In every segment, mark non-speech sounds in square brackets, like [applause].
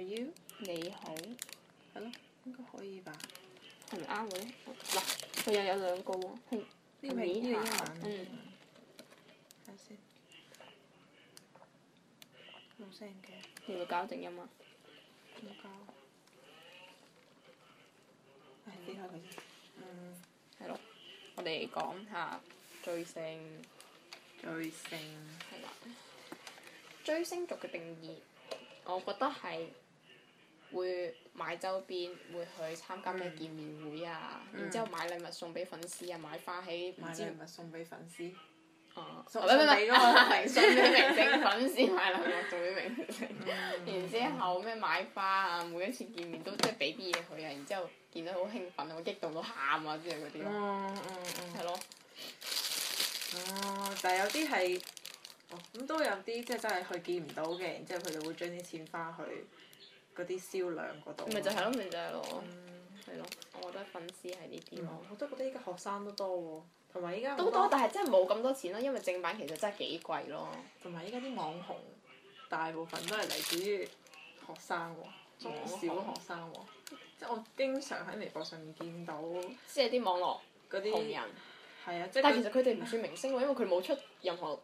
要你好，係咯，應該可以吧？係咪啱嗱，唔係佢又有兩個喎，係呢個係呢個英文，嗯，等先，唔成嘅，你要搞靜音啊？唔教，唉，離開佢先。嗯，係咯，我哋講下追星，追星係啦，追星族嘅定義，我覺得係。會買周邊，會去參加咩見面會啊！然之後買禮物送俾粉絲啊，買花喺……買禮物送俾粉絲，哦，送俾送俾明星粉絲買禮物送俾明星，然之後咩買花啊！每一次見面都即係俾啲嘢佢啊！然之後見到好興奮啊，激動到喊啊之類嗰啲咯，嗯，係咯。哦，但係有啲係，咁都有啲即係真係佢見唔到嘅，然之後佢哋會將啲錢花去。嗰啲銷量嗰度，咪就係咯，咪就係咯，係咯、嗯，我覺得粉絲係呢啲咯。我都覺得依家學生都多喎，同埋依家都多，但係真係冇咁多錢咯，因為正版其實真係幾貴咯。同埋依家啲網紅，大部分都係嚟自於學生喎，中、嗯、小學生喎。即係、哦、我經常喺微博上面見到，即係啲網絡嗰啲紅人。係啊，即、就係、但其實佢哋唔算明星喎，因為佢冇出任何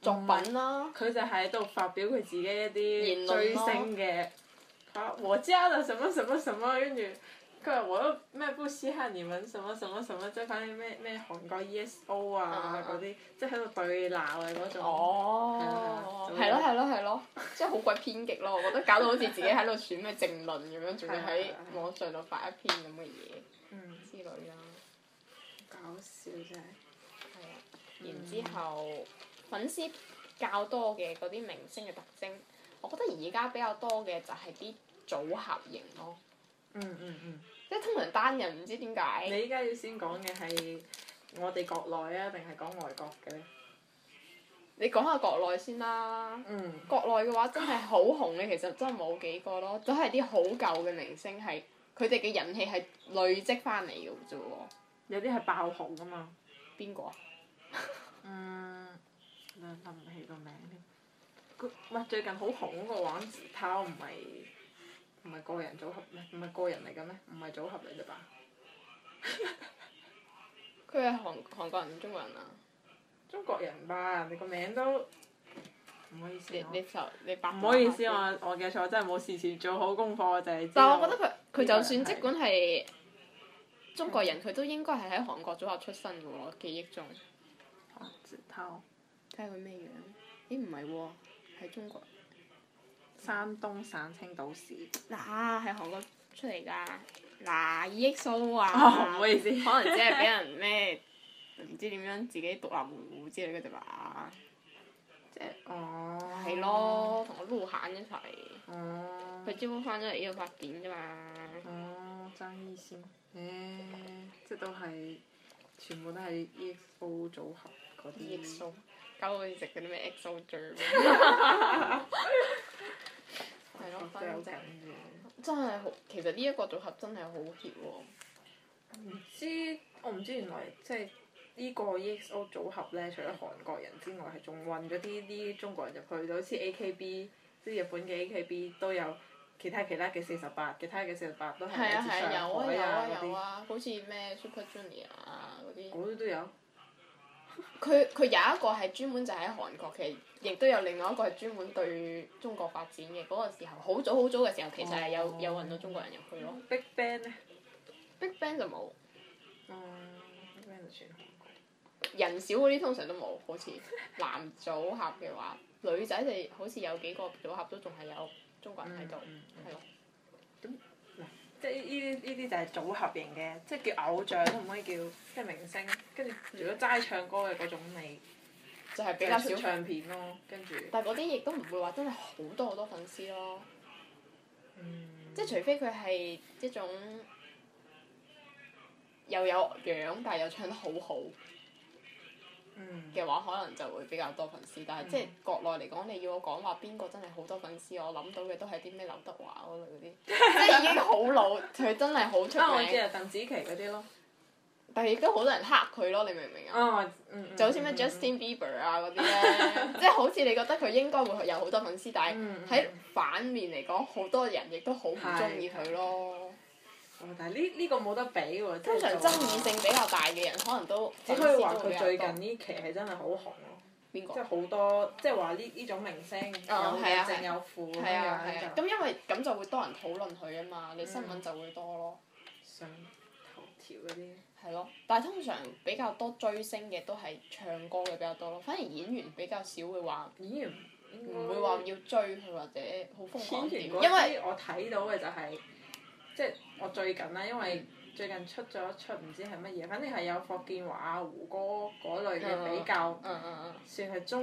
作品咯。佢、嗯、就喺度發表佢自己一啲追星嘅。啊！我加的什麼什麼什麼嗰啲，跟住佢話我都咩不稀罕？你們什麼什麼什麼，即係反正咩咩韓國 ESO 啊嗰啲，啊，即係喺度對鬧嘅嗰種哦，係咯係咯係咯，即係好鬼偏激咯！我覺得搞到好似自己喺度選咩政論咁樣，仲要喺網上度發一篇咁嘅嘢，嗯，之類啦，搞笑真係。係啊，然之後粉絲較多嘅嗰啲明星嘅特徵。我覺得而家比較多嘅就係啲組合型咯、哦嗯。嗯嗯嗯。即係通常單人，唔知點解。你依家要先講嘅係我哋國內啊，定係講外國嘅咧？你講下國內先啦。嗯。國內嘅話真係好紅嘅，其實真係冇幾個咯，都係啲好舊嘅明星係佢哋嘅人氣係累積翻嚟嘅啫喎。有啲係爆紅㗎嘛？邊個、啊？ [laughs] 嗯。喂，最近好紅嗰個黃子韜唔係唔係個人組合咩？唔係個人嚟嘅咩？唔係組合嚟嘅吧？佢 [laughs] 係韓韓國人定中國人啊？中國人吧，你個名都唔好意思。你你就你百唔好意思，我、啊、我記錯，真係冇事先做好功課，我淨係。但係我覺得佢佢就算即管係中國人，佢的都應該係喺韓國組合出身嘅喎，記憶中。黃子韜睇下佢咩樣？咦、欸，唔係喺中國，山東省青島市。嗱，係韓國出嚟㗎。嗱，EXO 啊，唔、啊啊啊、好意思， [laughs] 可能即係俾人咩唔知點樣自己獨立門戶之類嘅。啲吧。即係哦，係咯，同我鹿晗一齊。哦、啊。佢招翻咗嚟呢度發展啫嘛。哦、啊，爭啲先，誒、欸， [laughs] 即係都係全部都係 EXO 組合嗰啲。啊些搞好似食嗰啲咩 XO 醬，係咯真係好，其實呢一個組合真係好熱喎、哦。唔知我唔知原來即係呢個 EXO 組合咧，除咗韓國人之外，係仲混咗啲啲中國人入去，就好似 AKB，啲日本嘅 AKB 都有其他其他嘅四十八，其他嘅四十八都係有啊，有啊，好似咩 Super Junior 啊嗰啲。嗰啲都有。佢佢有一個係專門就喺韓國嘅，亦都有另外一個係專門對中國發展嘅。嗰、那個時候好早好早嘅時候，其實係有、oh. 有運到中國人入去咯。Big Bang 咧？Big Bang 就冇。哦、um，Big Bang 就算，人少嗰啲通常都冇，好似男組合嘅話， [laughs] 女仔哋好似有幾個組合都仲係有中國人喺度，係、mm hmm. 咯。即係呢啲呢啲就係組合型嘅，即係叫偶像都唔可以叫即係明星。跟住除咗齋唱歌嘅嗰種味，就係比較少唱片咯。跟住，但係嗰啲亦都唔會話真係好多好多粉絲咯。嗯。即係除非佢係一種又有樣，但係又唱得好好。嘅話可能就會比較多粉絲，但係即係國內嚟講，你要我講話邊個真係好多粉絲，我諗到嘅都係啲咩劉德華嗰啲， [laughs] 即係已經好老，佢真係好出名。啊，我知啊，鄧紫棋嗰啲咯。但係亦都好多人黑佢咯，你明唔明啊？啊，嗯，就好似咩 Justin Bieber 啊嗰啲咧， [laughs] 即係好似你覺得佢應該會有好多粉絲，但係喺反面嚟講，好多人亦都好唔中意佢咯。但係呢呢個冇得比喎，通常爭議性比較大嘅人，可能都只可以話佢最近呢期係真係好紅咯。邊個、啊？即係好多，即係話呢呢種明星、哦、有，有、哦、啊，正有富咁啊。咁、啊、因為咁就會多人討論佢啊嘛，你、嗯、新聞就會多咯。上頭條嗰啲。係咯，但係通常比較多追星嘅都係唱歌嘅比較多咯，反而演員比較少會話。演員唔會話要追佢或者好瘋狂點。因為我睇到嘅就係、是。即係我最近啦，因為最近出咗出唔知係乜嘢，反正係有霍建華啊、胡歌嗰類嘅比較算，算係中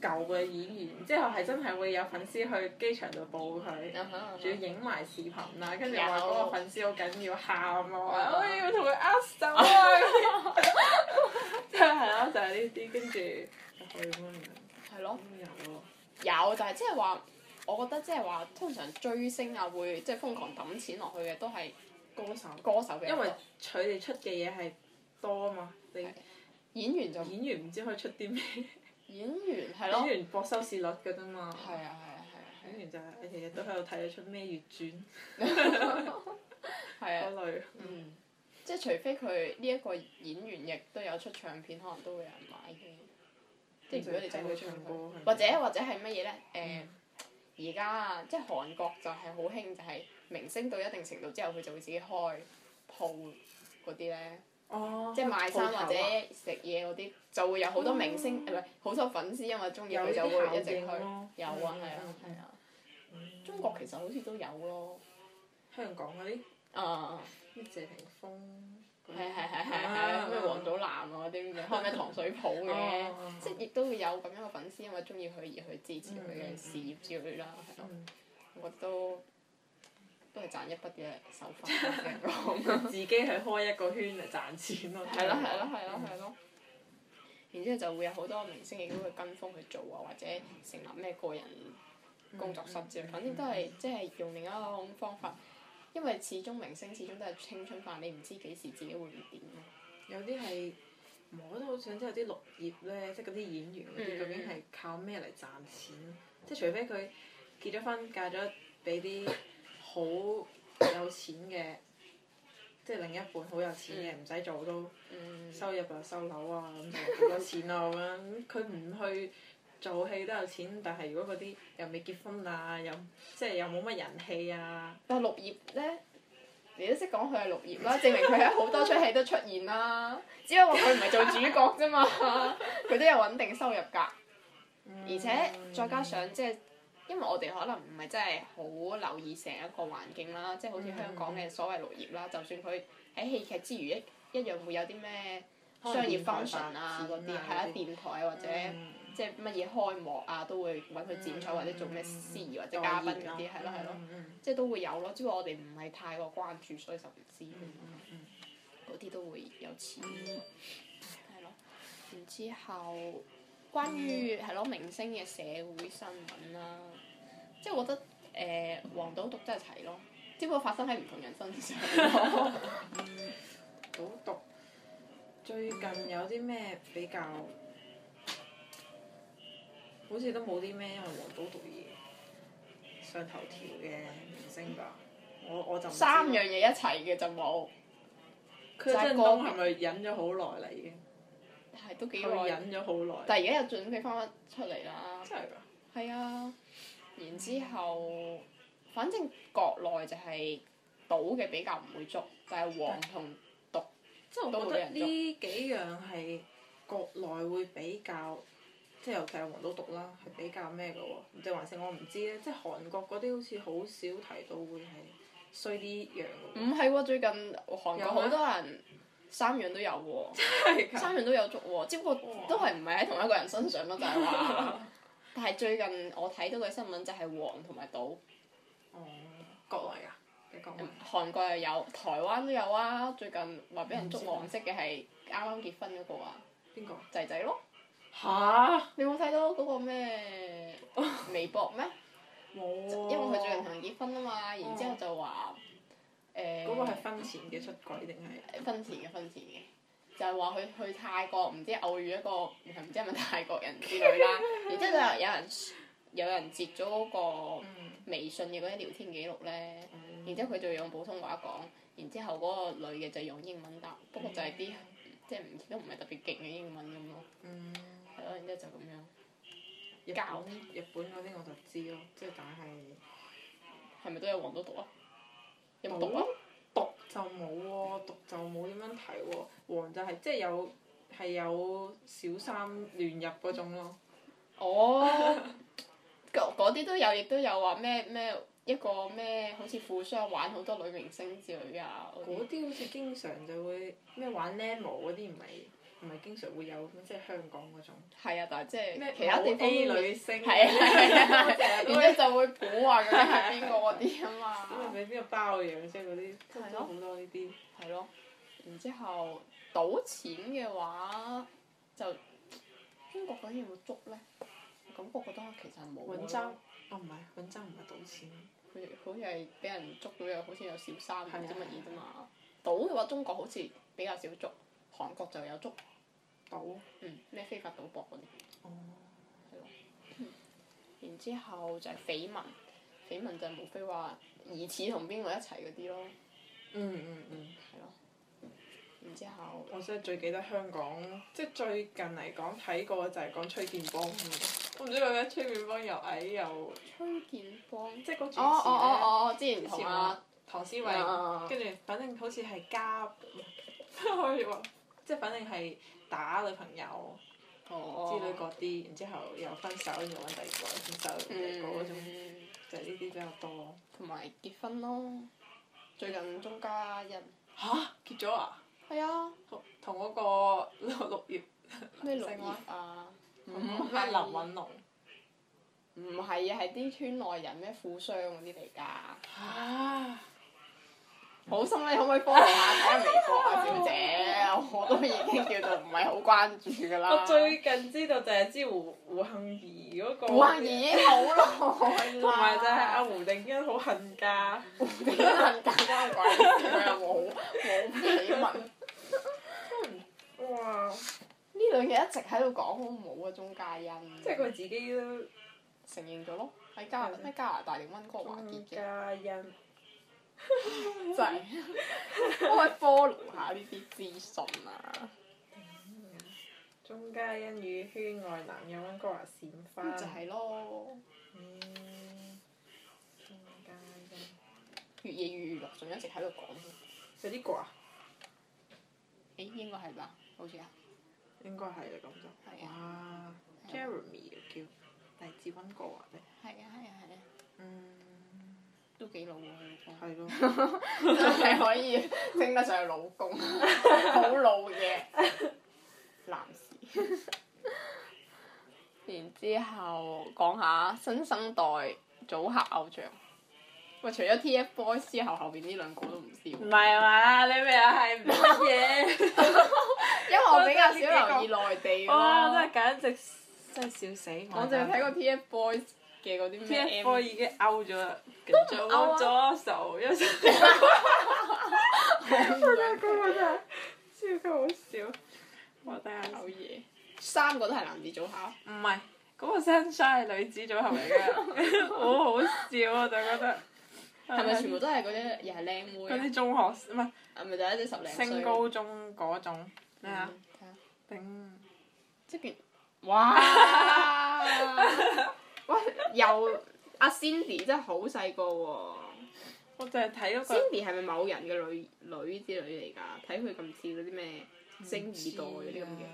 舊嘅演員，之後係真係會有粉絲去機場度抱佢，仲要影埋視頻啦，跟住話嗰個粉絲好緊要喊啊！我要同佢握手啊！咁、 [laughs] [laughs] 這個、樣，真係啊，就係呢啲跟住，係咯，有有，就係即係話。我覺得即係話，通常追星啊會即係瘋狂抌錢落去嘅都係歌手，歌手嘅因為佢哋出嘅嘢係多啊嘛，的你演員就演員唔知可以出啲咩，演員係咯， [laughs] 演員博收視率㗎啫嘛，係啊係啊係啊，了演員就日、係、日都喺度睇你出咩月轉，係啊，嗯，嗯即係除非佢呢一個演員亦都有出唱片，可能都會有人買嘅，即係除你仔唱歌，或者或者係乜嘢咧？誒、 [laughs] 嗯。而家啊，即係韓國就係好興，就係明星到一定程度之後，佢就會自己開鋪嗰啲咧，哦，即係賣衫或者食嘢嗰啲，就會有好多明星，唔係好多粉絲因為中意佢就會一直去，有啊，係啊，係啊。中國其實好似都有咯，香港嗰啲啊，咩謝霆鋒。係，係，係，係，係，咩王祖藍啊啲咁樣，開咩糖水鋪嘅，即係亦都會有咁樣嘅粉絲，因為中意佢而去支持佢嘅事業之類啦。係咯，我都都係賺一筆嘅手法嚟嘅。 [laughs] 自己係開一個圈嚟賺錢咯。係咯，係咯，係咯，係咯。然之後就會有好多明星亦都會跟風去做啊，或者成立咩個人工作室之類，反正都係即係用另一種方法。因為始終明星始終都係青春飯，你唔知幾時自己會點咯。有啲係，我都好想知有啲綠葉咧，即係嗰啲演員嗰啲、嗯、究竟係靠咩嚟賺錢？嗯、即係除非佢結咗婚嫁咗俾啲好有錢嘅，嗯、即係另一半好有錢嘅，唔使、嗯、做都收入啊收樓啊咁好多錢啊咁樣，佢唔 [laughs] 去。做戲都有錢，但係如果嗰啲又未結婚啊，又即係又冇乜人氣啊。但係綠葉咧，你都識講佢係綠葉啦，證明佢喺好多出戲都出現啦。只不過佢唔係做主角啫嘛，佢都有穩定收入㗎。而且再加上即係，因為我哋可能唔係真係好留意成一個環境啦，即係好似香港嘅所謂綠葉啦，就算佢喺戲劇之餘一一樣會有啲咩商業 function 啊嗰啲，係啊電台或者。即係乜嘢開幕啊，都會揾佢剪彩或者做咩司儀或者嘉賓嗰啲，係咯係咯，即係都會有咯。只不過我哋唔係太過關注，所以就唔知。嗰啲、嗯嗯、都會有錢，係咯、嗯。然之後，關於係咯明星嘅社會新聞啦、啊，即係我覺得誒黃賭毒真係齊咯，嗯、只不過發生喺唔同人身上咯。賭毒 [laughs] [laughs] 最近有啲咩比較？好似都冇啲咩，因為黃賭毒嘢上頭條嘅明星吧，我我就三樣嘢一齊嘅就冇。柯震東係咪忍咗好耐啦已經？係都幾耐。忍咗好耐。但係而家又準備返出嚟啦。真係㗎。係啊，然之後，嗯、反正國內就係賭嘅比較唔會捉，就係、是、黃同毒但。即係都 我覺得呢幾樣係國內會比較。即係又提下黃賭毒啦，係比較咩嘅喎？定還是我唔知咧？即係韓國嗰啲好似好少提到會係衰啲樣嘅。唔係喎，最近韓國好多人嗎三樣都有喎，真係三樣都有捉喎，只不過都係唔係喺同一個人身上咯，就係、是、話。 [laughs] 但係最近我睇到嘅新聞就係黃同埋賭。哦， [laughs] 國內噶、啊、你講。韓國又有，台灣都有啊！最近話俾人捉黃色嘅係啱啱結婚嗰個啊。邊個、嗯？仔仔誰咯。吓？哈你冇睇到嗰個咩微博咩？冇。 [laughs] 因為佢最近同人結婚啊嘛，然之後就話誒。嗰、 [laughs] 欸、個係婚前嘅出軌定係？婚前嘅婚前嘅，就係話佢去泰國唔知偶遇一個唔係唔知係咪泰國人之類啦。 [laughs] 然之後就有人有人截咗個微信嘅嗰啲聊天記錄咧，嗯、然之後佢就用普通話講，然後之後嗰個女嘅就用英文答，不過就係啲即係都唔係特別勁嘅英文咁咯。嗯。咯，然之後就咁樣教。日本嗰啲堂我就知咯，即、就、係、是、但係係咪都有黃都毒啊？冇有毒有、啊、讀就冇喎、啊，毒就冇點樣睇喎，黃就係即係有係有小三亂入嗰種咯、啊。哦，嗰啲 [laughs] [laughs] 都有，亦都有話咩咩一個咩好似富商玩好多女明星之類啊，嗰啲好似經常就會咩玩 l e 僆模嗰啲唔係。唔係經常會有咁即係香港嗰種，係啊，但係即係咩其他地方啲女星，係啊，然之後就會估話咁樣係邊個啲啊嘛，咁咪俾邊個包養啫？嗰啲都好多呢啲，係咯。然之後賭錢嘅話就中國嗰啲有冇捉咧？咁我覺得其實冇。尹周，哦唔係，尹周唔係賭錢，佢好似係俾人捉到有好似有小三唔知乜嘢啫嘛。賭嘅話，中國好似比較少捉，韓國就有捉。賭，咩、oh. 嗯、非法賭博嗰啲，哦、oh. 了，係咯、嗯。然之後就係緋聞，緋聞就係無非話疑似同邊個一齊嗰啲咯。嗯嗯嗯，係咯。然之後。我真係最記得香港，即係最近嚟講睇過就係講崔建邦，嗯、我唔知為咩崔建邦又矮又。崔建邦。即係嗰主持。哦哦哦！之前、啊、前話唐詩韋，跟住、uh, 反正好似係加。可以話，即係反正係。打女朋友哦，oh. 之類嗰啲，然之後又分手，又揾第二個分手個，第嗰種，就係呢啲比較多，同埋結婚咯。最近鍾嘉欣嚇結咗啊！係啊，同同嗰個六六月咩六月啊，唔係林允龍，唔係啊，係啲圈內人咩富商嗰啲嚟㗎。嚇！啊好心你可唔可以 follow 下睇下微博啊，小姐,姐， [laughs] 我都已經叫做唔係好關注噶啦。我最近知道就係知胡胡杏兒嗰個。胡杏兒已經好耐。同埋 [laughs] 就係阿胡定欣好恨家。胡定欣恨家。關鬼事啊！冇冇緋聞。哇！呢兩日一直喺度講好唔好啊，鍾嘉欣。即係佢自己都承認咗咯，喺加拿喺加拿大定温哥華結嘅。嘉欣。就係，我 follow 下呢啲資訊啊！鐘嘉欣與圈外男友温哥華閃婚、嗯，就係、是、咯。嗯。鐘嘉欣。粵語娛樂仲一直喺度講。就呢個啊？誒、欸，應該係吧？好似啊。應該係啊，咁就。係啊。Jeremy 叫黎志斌哥啊？定。係啊！係啊！係啊！嗯。都幾老喎，老公， [laughs] [laughs] 真係可以稱得上係老公，好 [laughs] 老嘅 [laughs] 男士。 [laughs] 然之後講下新生代組合偶像，喂，除咗 T F Boys 之後，後邊呢兩個都唔知。唔係啊嘛，你咪又係唔識嘢， [laughs] [laughs] 因為我比較少留意內地。哇！真係簡直，真係笑死我。我淨係睇過 T F Boys。T.F. 已經 out 咗啦，組咗手一組。真係真係，超級好笑。我真係 out 嘢。三個都係男子組合。唔係，嗰個 sunshine 係女子組合嚟嘅。好好笑啊！就覺得。係咪全部都係嗰啲又係靚妹？嗰啲中學唔係，係咪就一啲十零？升高中嗰種。咩啊！頂。即係。哇！喂，又阿、啊那個、Cindy 真係好細個喎，我淨係睇咗 Cindy 係咪某人嘅女女之類嚟㗎？睇佢咁似嗰啲咩星二代嗰啲咁嘅，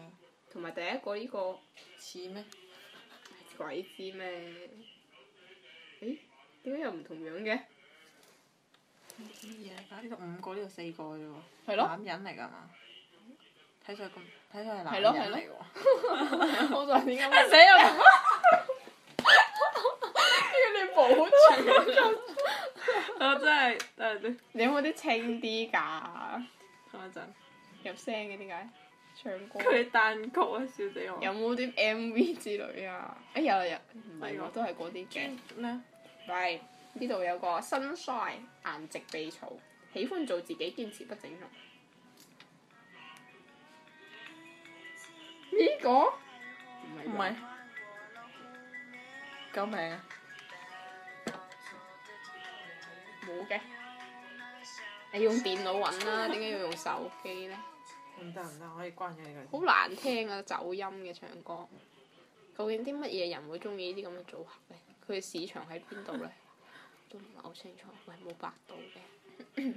同埋第一個呢、呢個似咩？嗎鬼知咩？誒，點解又唔同樣嘅？誒，呢度五個呢個四個啫喎，咯男人嚟㗎嘛？睇晒咁，睇晒係男人嚟喎。 [laughs] 我話點解？啊、 [laughs] 我真係你有冇啲清啲㗎？等一陣入聲嘅點解？唱歌。佢單曲啊，笑死我。有冇啲 M V 之類啊？哎有有，唔係我都係嗰啲嘅。咩、嗯？喂，呢度有個 Sunshine 顏值被草，喜歡做自己，堅持不整容。呢個唔係救命啊！冇嘅，你用電腦揾啦，點解要用手機咧？咁得唔得？可以關咗呢個。好難聽啊，走音嘅唱歌。究竟啲乜嘢人會中意呢啲咁嘅組合咧？佢嘅市場喺邊度咧？都唔係好清楚。喂，冇百度嘅。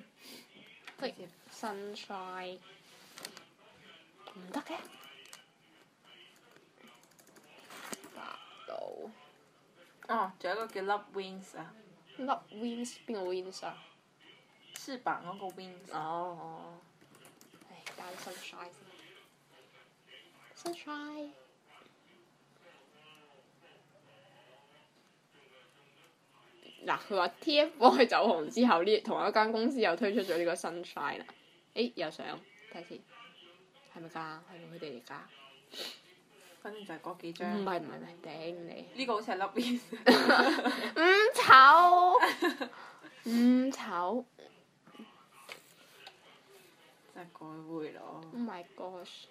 即係 sunshine。唔得嘅。百度。哦，仲有一個叫 Love Wins 啊。咩叫 wings？邊個 wings 啊？翅膀嗰個 wings。哦。唉，打咗 sunshine。sunshine。嗱，佢話 TFboys 走紅之後，呢同一間公司又推出咗呢個 sunshine 啦。誒，又上睇下先，係咪㗎？係咪佢哋嚟㗎？反正就係嗰幾張。唔係唔係唔係，頂你！呢個好似係，Love，is。唔醜。唔醜。真係改回咯。Oh，my，gosh！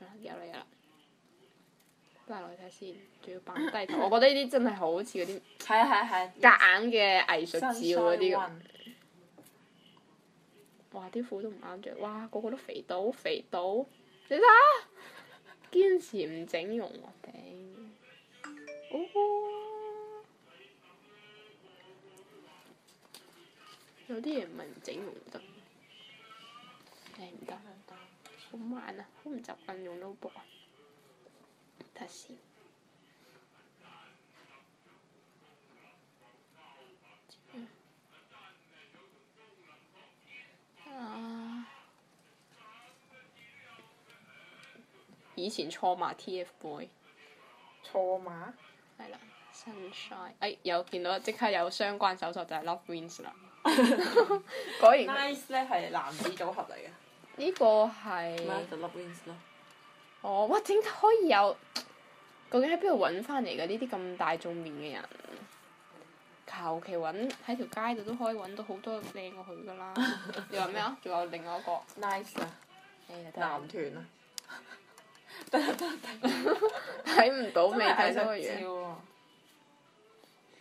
啊！有嚟啦～返嚟睇下先，仲要扮低頭。我覺得呢啲真係好似嗰啲。係係係。夾硬嘅藝術照嗰啲咁。哇！啲褲都唔啱著，哇！個個都肥到肥到。你睇，堅持唔整容我，啊、頂！哦、 [noise] 有啲人唔係唔整容得，誒唔得，好、 [noise] 欸、慢啊，好唔習慣用 notebook，睇先。 [noise] [noise] 以前錯碼 T.F. Boy。錯碼馬。係啦。Sunshine，哎，有見到即刻有相關搜索就係、是、LoveWins 啦。 [laughs] [laughs] 果然 Nice 咧，係男子組合嚟嘅。呢個係。Nice 就 LoveWins 咯。哦！哇，點解可以有？究竟喺邊度揾翻嚟嘅呢啲咁大眾面嘅人？求其揾喺條街度都可以揾到好多靚過佢噶啦！ [laughs] 你話咩啊？仲有另外一個 Nice 啊、yeah。男團啊！ [laughs] 睇唔 [laughs] 到未睇到嘅嘢，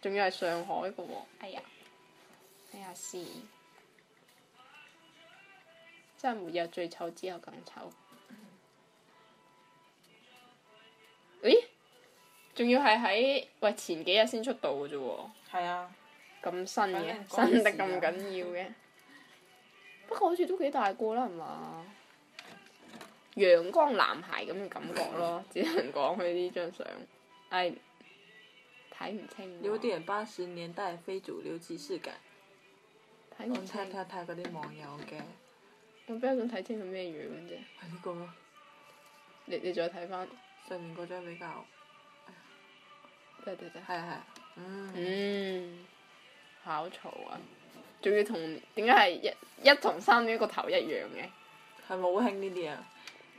仲 [laughs] [laughs] 要係上海嘅喎。係啊，係啊，是。真係沒有最醜，只有更醜。咦？仲要係喺喂前幾日先出道嘅啫喎。係啊。咁新嘅，新得咁緊要嘅。不過，好過，好似都幾大個啦，係嘛、嗯？陽光男孩咁嘅感覺咯， [laughs] 只能講佢呢張相係睇唔清、啊。有啲八十年代非主流即視感。睇唔清。睇睇睇嗰啲網友嘅、嗯。我比較想睇清楚咩樣啫？係呢、啊呢個咯、啊。你你再睇翻上面嗰張比較。對對對。係係、啊。嗯。嗯。好嘈啊！仲要同點解係一一同三呢個頭一樣嘅？係咪好興呢啲啊？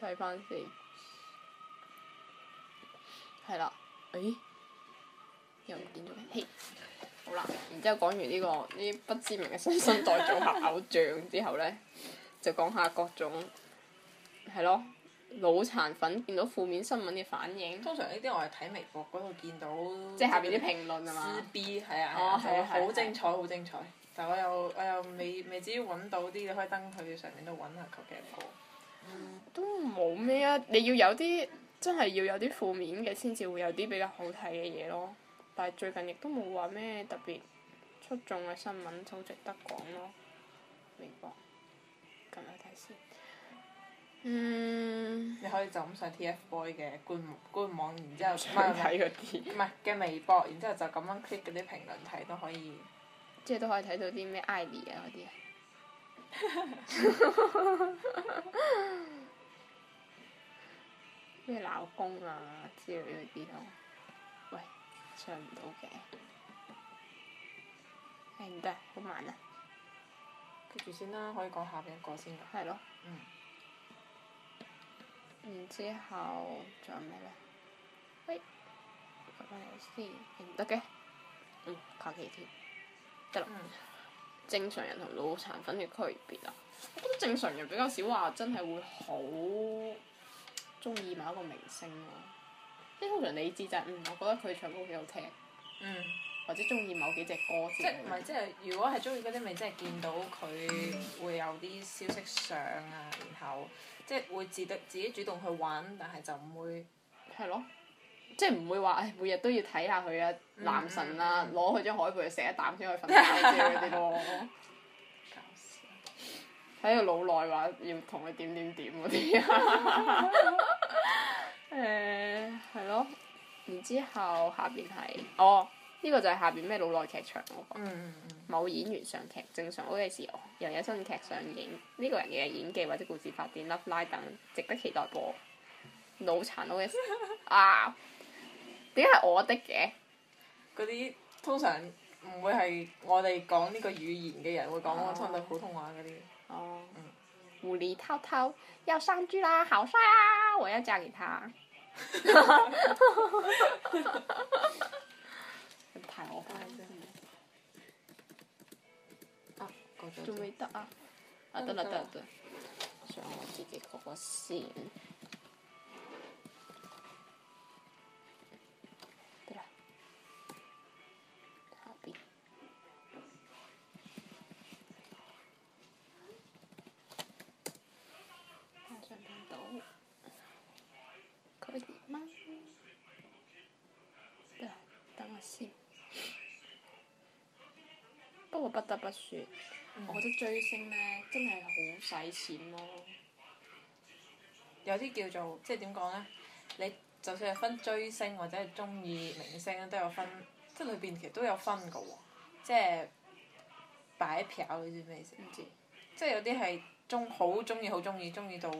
睇翻先，係啦，誒，又唔見咗，嘿、hey. 了，好啦，這個，然之後講完呢個呢啲不知名嘅新生代組合偶像 [laughs] 之後呢，就講下各種，係咯，腦殘粉見到負面新聞嘅反應。通常呢啲我係睇微博嗰度見到。即係下邊啲評論啊嘛。撕逼係啊，仲會好精彩，好、啊、精彩。啊、但係我又我又未未至於揾到啲，你可以登去上面度揾下求其都冇咩啊！你要有啲真係要有啲負面嘅先至會有啲比較好睇嘅嘢咯。但係最近亦都冇話咩特別出眾嘅新聞好值得講咯。微博咁樣睇先。嗯，你可以就咁上 T F Boy 嘅官網官網，然之後上。睇嗰啲。唔係嘅微博，然之後就咁樣 click 嗰啲評論睇都可以，即係都可以睇到啲咩 I D 啊嗰啲。咩老公啊之類嗰啲咯，喂，唱唔到嘅，誒唔得啊，好慢啊，記住先啦，可以講下邊一個先啦。係咯。嗯。然之後仲有咩咧？誒，我睇下先，得嘅，嗯，下期先，得啦。正常人同腦殘粉嘅區別啊！我覺得正常人比較少話，真係會好中意某一個明星咯、啊。即通常理智就係、嗯，我覺得佢唱歌幾好聽，嗯，或者中意某幾隻歌即。嗯、即唔係即係，如果係中意嗰啲，咪即係見到佢會有啲消息上啊，然後即會自得自己主動去玩，但係就唔會。係咯。即係唔會話，每日都要睇下佢啊男神啊，攞佢張海報錫一啖先去瞓覺嗰啲咯。喺度、嗯、 [laughs] 腦內話要同佢點點點嗰啲。誒係咯，然之後下邊係，哦呢、呢個就係下邊咩腦內劇場咯、嗯。嗯某演員上劇，正常 OS 又有新劇上映，呢、呢個人嘅演技或者故事發展 up 拉等值得期待噃。腦殘 OS 啊！ 啊啲係我的嘅，嗰啲通常唔會係我哋講呢個語言嘅人會講我聽到普通話嗰啲、啊。哦。狐狸滔滔要上句啦，好帥啊！我要嫁給他。唔，我睇先。啊，仲未得啊！啊得啦得啦得。想、啊、我自己講先。 [laughs] 不過不得不說，嗯、我覺得追星呢真係好使錢咯。有啲叫做即係點講呢？你就算係分追星或者係中意明星都有分，即係裏邊其實都有分嘅喎。即係擺票，你知咩意思唔知？即係有啲係中好中意，好中意，中意到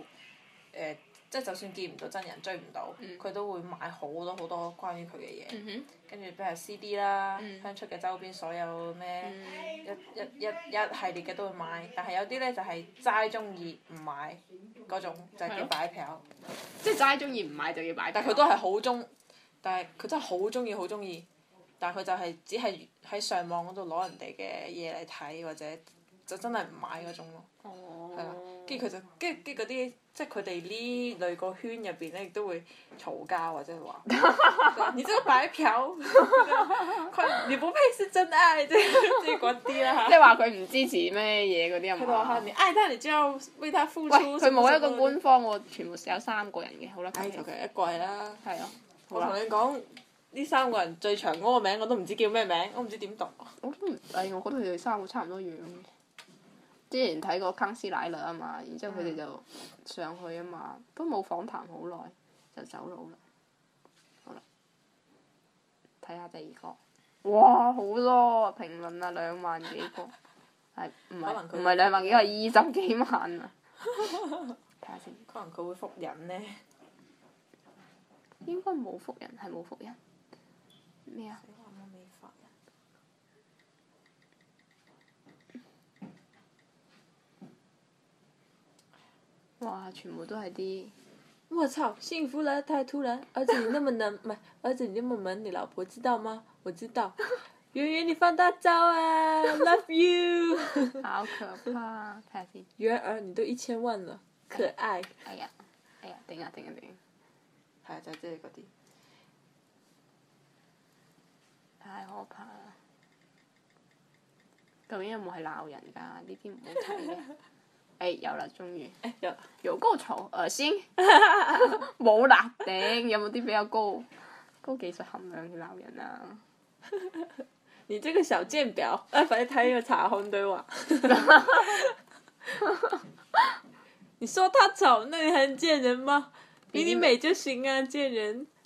誒。即係就算見唔到真人，追唔到，佢、嗯、都會買好多好多關於佢嘅嘢，嗯、哼跟住譬如 CD 啦，新、嗯、出嘅周邊所有咩、嗯、一一一,一系列嘅都會買，但係有啲呢，就係齋中意唔買嗰種就，就係叫擺票。即係齋中意唔買就要擺，但係佢都係好中，但係佢真係好中意好中意，但係佢就係只係喺上網嗰度攞人哋嘅嘢嚟睇或者。就真係唔買嗰種咯，係啦。跟住佢就，跟住跟住嗰啲即係佢哋呢類個圈入邊咧，亦都會嘈交或者話。你知個白嫖，佢你不配是真愛，即係講啲啦即係話佢唔支持咩嘢嗰啲啊嘛。喂，佢冇一個官方喎，全部有三個人嘅，好啦。求其一季啦。係咯。我同你講，呢三個人最長嗰個名我都唔知叫咩名，我唔知點讀。我都覺得佢哋三個差唔多樣。之前睇過《坑熙奶酪》啊嘛，然之後佢哋就上去啊嘛，都冇訪談好耐，就走佬嘞。好嘞，睇下第二個。哇！好多評論啊，兩萬幾個，係唔係唔係兩萬幾個係二十幾萬啊？睇 [laughs] 下先。可能佢會覆人呢？應該冇覆人，係冇覆人咩啊？哇！全部都係啲，我操！幸福來太突然，而且你那麼能唔係？而且 [laughs] 你那麼萌，你老婆知道嗎？我知道，圓圓，你放大招啊 [laughs] ！Love you，好可怕，睇下先。圓兒，你都一千萬了，欸、可愛。哎呀，哎呀，定啊定啊定，係就係即係嗰啲，太可怕啦！咁樣有冇係鬧人噶，呢啲唔好睇嘅。誒、欸、有啦，終於。欸、有夠醜，噁心。冇 [laughs] [laughs] 啦，頂。有冇啲比較高高技術含量嘅鬧人啊？你這個小賤婊，哎，反正他又茶紅堆黃。你說他醜，那你還能見人嗎？比你美就行啊，賤人。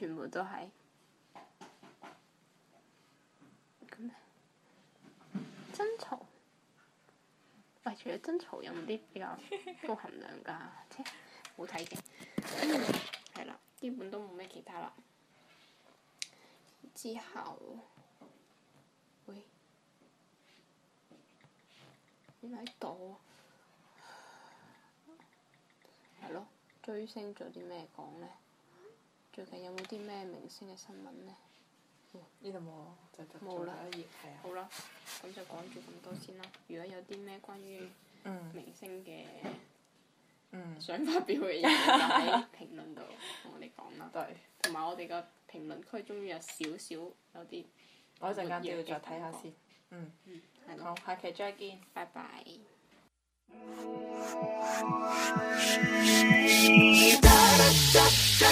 全部都係。咩？爭吵。喂，除咗爭吵，有冇啲比較高含量㗎？即係好睇嘅。係啦， [coughs] 基本都冇咩其他啦。之後。喂，點解喺度？係咯， [coughs] 追星做啲咩講咧？最近有冇啲咩明星嘅新聞呢？呢度冇啊，就係。冇啦。好啦，咁就講住咁多先啦。如果有啲咩關於明星嘅想發表嘅嘢，就喺評論度同我哋講啦。對，同埋我哋個評論區終於有少少有啲。我一陣間要再睇下先。嗯。嗯。係好，下期再見。拜拜。